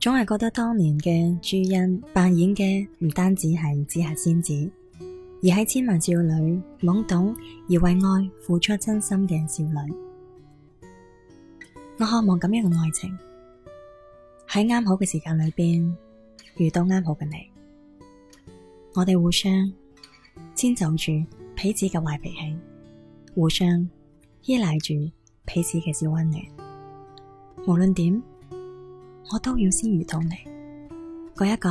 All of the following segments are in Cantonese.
總係覺得當年嘅朱茵扮演嘅唔單止係紫霞仙子，而係千萬少女懵懂而為愛付出真心嘅少女。我渴望咁樣嘅愛情，喺啱好嘅時間裏邊遇到啱好嘅你，我哋互相遷就住彼此嘅壞脾氣，互相依賴住彼此嘅小溫暖，無論點，我都要先遇到你，嗰一個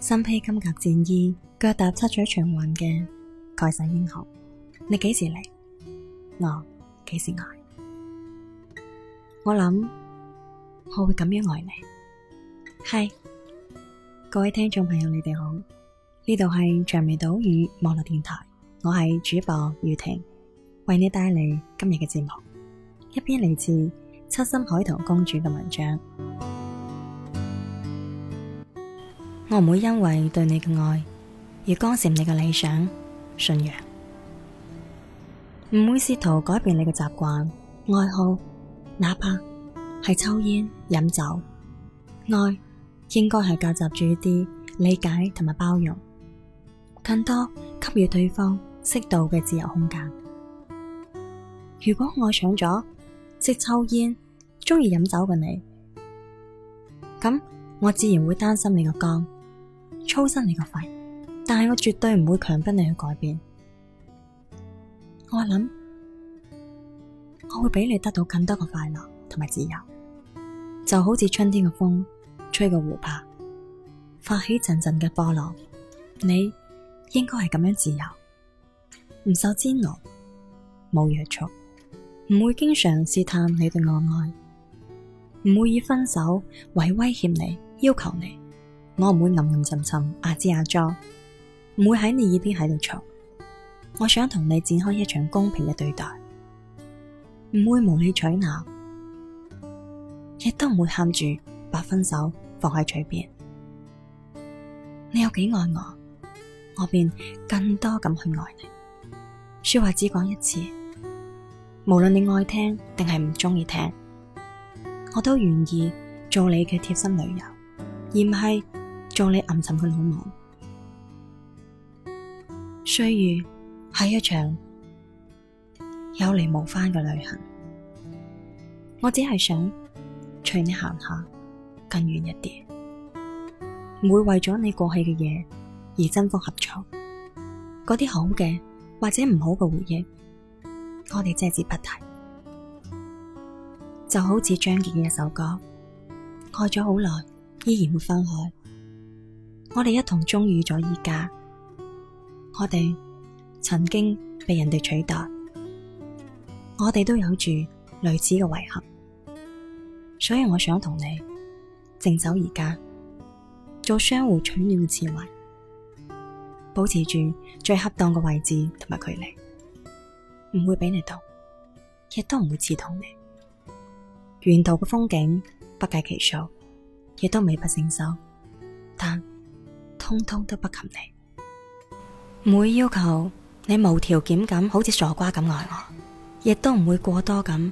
身披金甲戰衣、腳踏七彩祥雲嘅蓋世英雄。你幾時嚟？我幾時愛？我諗我會咁樣愛你。嗨，各位聽眾朋友，你哋好，呢度係長尾島語網絡電台，我係主播宇婷，為你帶嚟今日嘅節目，一篇嚟自七心海棠公主嘅文章。我唔會因為對你嘅愛而干涉你嘅理想、信仰，唔會試圖改變你嘅習慣、愛好，哪怕係抽煙、飲酒。愛應該係夾雜住啲理解同埋包容，更多給予對方適度嘅自由空間。如果愛上咗識抽煙、中意飲酒嘅你，咁我自然會擔心你嘅肝。操心你個肺，但係我絕對唔會強迫你去改變。我諗我會俾你得到更多嘅快樂同埋自由，就好似春天嘅風，吹過湖泊，發起陣陣嘅波浪。你應該係咁樣自由，唔受煎熬，冇約束，唔會經常試探你對我愛愛，唔會以分手為威脅你，要求你。我唔會吟吟沉沉，阿茲阿莊，唔會喺你耳邊喺度嘈。我想同你展開一場公平嘅對待，唔會無理取鬧，亦都唔會喊住把分手放喺嘴邊。你有幾愛我，我便更多咁去愛你。說話只講一次，無論你愛聽定係唔中意聽，我都願意做你嘅貼心女友，而唔係。做你暗沉嘅老母，歲月係一場有嚟無返嘅旅行。我只係想隨你行下更遠一啲，唔會為咗你過去嘅嘢而爭風呷醋。嗰啲好嘅或者唔好嘅回憶，我哋隻字不提。就好似張傑嘅一首歌，愛咗好耐，依然會分開。我哋一同中意咗而家，我哋曾經被人哋取代，我哋都有住類似嘅遺憾，所以我想同你靜守而家，做相互取暖嘅刺蝟，保持住最恰當嘅位置同埋距離，唔會俾你凍，亦都唔會刺痛你。沿途嘅風景不計其數，亦都美不勝收，但，通通都不及你，唔會要求你無條件咁，好似傻瓜咁愛我，亦都唔會過多咁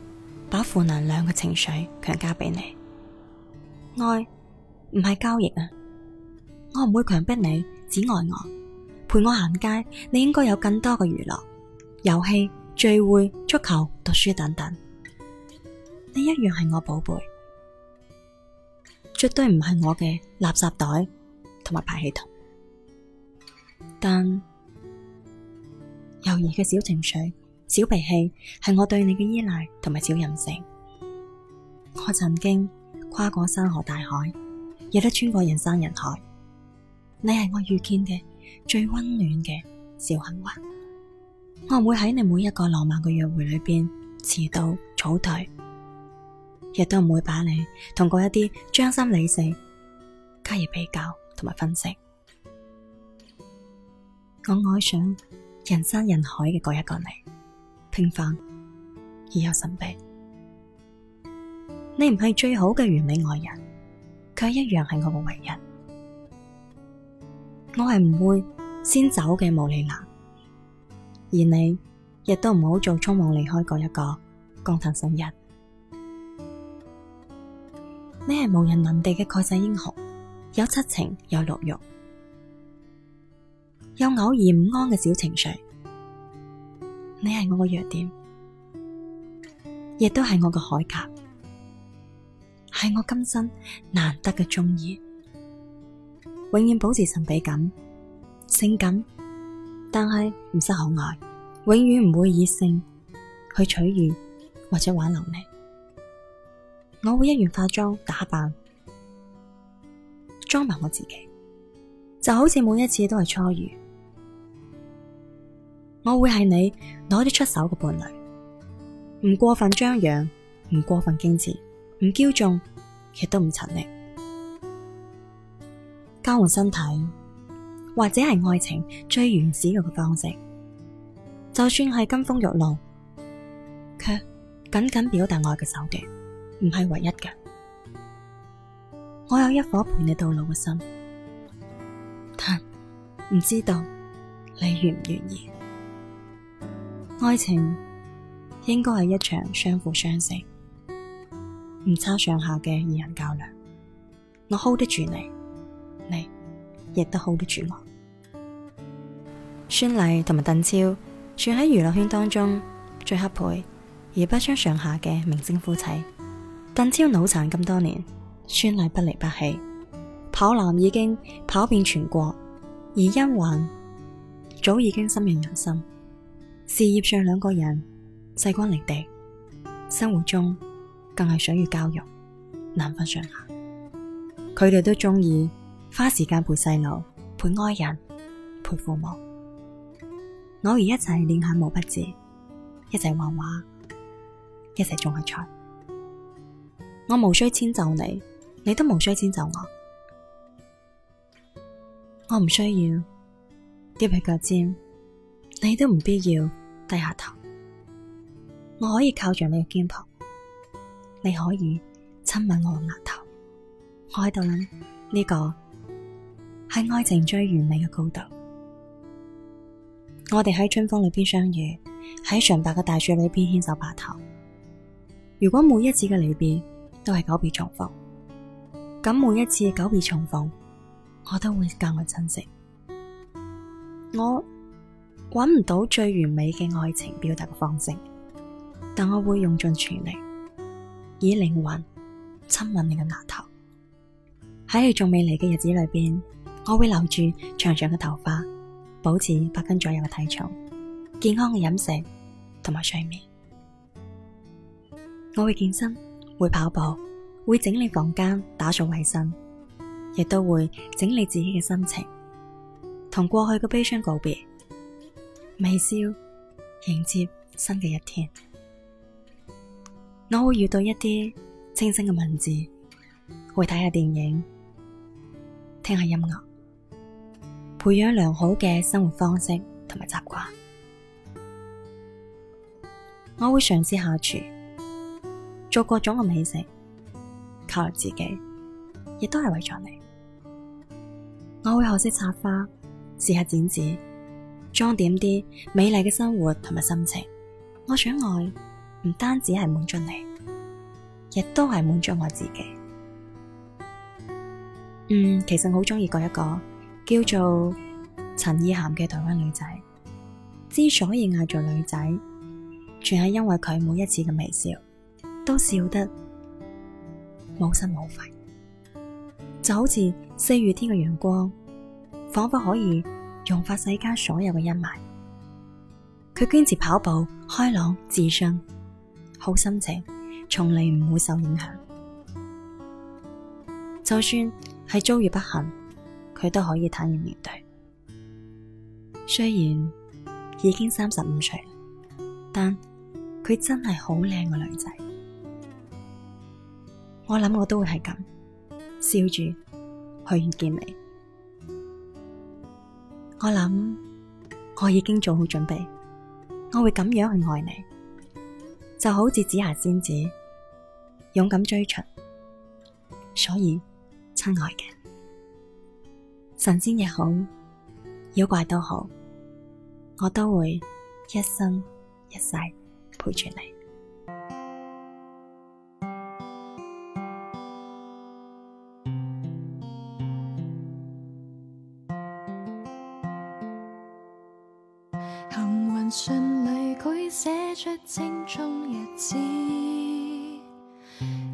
把負能量嘅情緒強加俾你。愛唔係交易啊，我唔會強迫你只愛我，陪我行街。你應該有更多嘅娛樂、遊戲、聚會、足球、讀書等等。你一樣係我寶貝，絕對唔係我嘅垃圾袋，同埋排氣筒，但偶爾嘅小情緒、小脾氣係我對你嘅依賴同埋小任性。我曾經跨過山河大海，亦都穿過人山人海。你係我遇見嘅最温暖嘅小幸運。我唔會喺你每一個浪漫嘅約會裏邊遲到早退，亦都唔會把你同嗰一啲張三李四加以比較。同埋分析，我愛上人山人海嘅嗰一個你，平凡而又神秘。你唔係最好嘅完美愛人，卻一樣係我嘅唯一。我係唔會先走嘅毛利蘭，而你亦都唔好做匆忙離開嗰一個工藤新一。你係無人能敵嘅蓋世英雄。有七情，有六欲，有偶爾唔安嘅小情緒。你係我嘅弱點，亦都係我嘅鎧甲，係我今生難得嘅中意。永遠保持神秘感、性感，但係唔失可愛。永遠唔會以性去取悅或者挽留你。我會一如化妝打扮，裝埋我自己，就好似每一次都係初遇。我會係你攞得出手嘅伴侶，唔過分張揚，唔過分矜持，唔驕縱，亦都唔沉溺。交換身體或者係愛情最原始嘅方式，就算係金風玉露，卻僅僅表達愛嘅手段，唔係唯一嘅。我有一顆陪你到老嘅心，但唔知道你願唔願意。愛情應該係一場相輔相成、唔差上下嘅二人較量。我 hold 得住你，你亦都 hold 得住我。孫儷同埋鄧超算喺娛樂圈當中最合配而不相上下嘅明星夫妻。鄧超腦殘咁多年，孫儷不離不棄，跑男已經跑遍全國，而甄嬛早已經深入人心。事業上兩個人勢均力敵，生活中更係想要教育難分上下。佢哋都中意花時間陪細路、陪愛人、陪父母，偶爾一齊練下毛筆字，一齊畫畫，一齊種下菜。我無需遷就你。你都無需遷就我，我唔需要踮起腳尖，你都唔必要低下頭。我可以靠住你嘅肩膀，你可以親吻我嘅額頭。我喺度諗呢個係愛情最完美嘅高度。我哋喺春風裏邊相遇，喺純白嘅大雪裏邊牽手白頭。如果每一次嘅離別都係久別重逢。咁每一次久別重逢，我都會格外珍惜。我揾唔到最完美嘅愛情表達嘅方式，但我會用盡全力，以靈魂親吻你嘅額頭。喺你仲未嚟嘅日子裏邊，我會留住長長嘅頭髮，保持百斤左右嘅體重，健康嘅飲食同埋睡眠。我會健身，會跑步。會整理房間、打掃衛生，亦都會整理自己嘅心情，同過去嘅悲傷告別，微笑迎接新嘅一天。我會遇到一啲清新嘅文字，會睇下電影，聽下音樂，培養良好嘅生活方式同埋習慣。我會嘗試下廚，做各種嘅美食。靠自己，亦都係為咗你。我會學識插花，試下剪紙，裝點啲美麗嘅生活同埋心情。我想愛，唔單止係滿足你，亦都係滿足我自己。嗯，其實好中意嗰一個叫做陳意涵嘅台灣女仔。之所以嗌做女仔，全係因為佢每一次嘅微笑都笑得。冇心冇肺，就好似四月天嘅陽光，仿佛可以融化世間所有嘅陰霾。佢堅持跑步，開朗自信，好心情，從嚟唔會受影響。就算係遭遇不幸，佢都可以坦然面對。雖然已經三十五歲，但佢真係好靚嘅女仔。我諗我都會係咁笑住去遇見你。我諗我已經做好準備，我會咁樣去愛你，就好似紫霞仙子勇敢追尋。所以親愛嘅神仙也好，妖怪都好，我都會一生一世陪住你。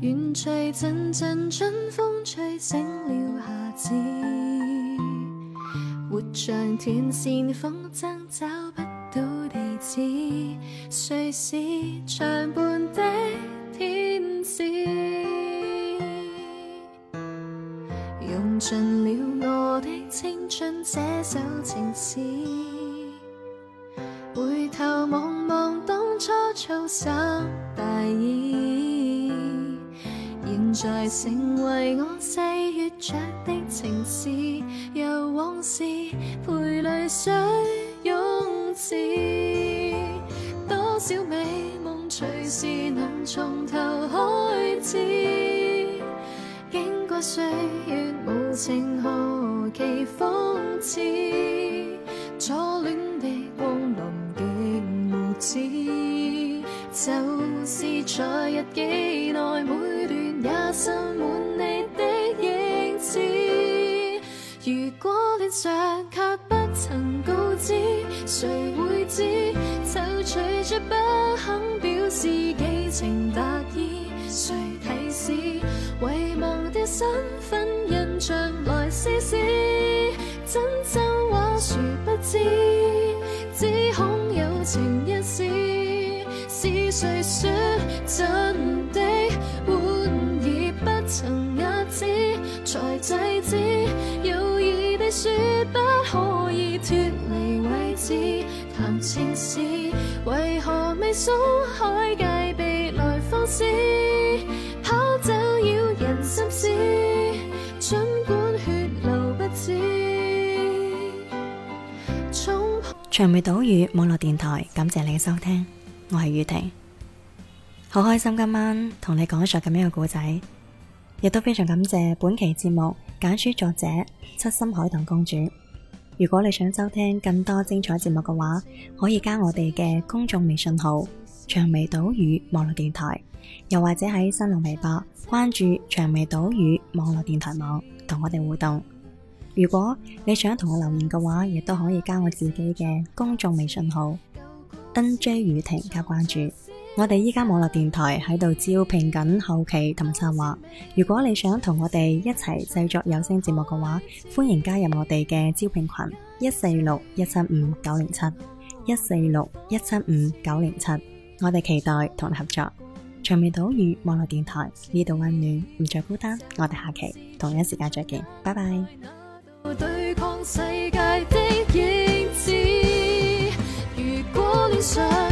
願隨陣陣春風吹醒了夏至，活像斷線風箏找不到地址，誰是長伴的天使，用盡了我的青春寫首情詩，回頭望望當初粗心大意。在成為我細閱着的情事，由往事陪淚水湧至。多少美夢隨時能從頭開始，經過歲月無情，何其諷刺。初戀的光臨極無知，就是在日記內每心滿你的影子，如果戀上卻不曾告知，誰會知？躊躇著不肯表示，寄情達意，誰提示？遺忘的身份印象來試試，真心話殊不知？只恐有情一世，是誰説？跑走擾人心思，盡管血流不止，《長眉島語》網絡電台，感謝你嘅收聽，我係宇婷，好開心今晚同你講述咁樣嘅故仔，亦都非常感謝本期節目簡書作者七心海棠公主。如果你想收聽更多精彩節目嘅話，可以加我哋嘅公眾微信號“長尾島嶼網絡電台”，又或者喺新浪微博關注“長尾島嶼網絡電台網”同我哋互動。如果你想同我留言嘅話，亦都可以加我自己嘅公眾微信號 “NJ 宇婷”加關注。我哋依家網絡電台喺度招聘緊後期同埋策劃，如果你想同我哋一齊製作有聲節目嘅話，歡迎加入我哋嘅招聘群一四六一七五九零七一四六一七五九零七，7, 7, 我哋期待同你合作。長尾島嶼網絡電台呢度溫暖，唔再孤單。我哋下期同一時間再見，拜拜。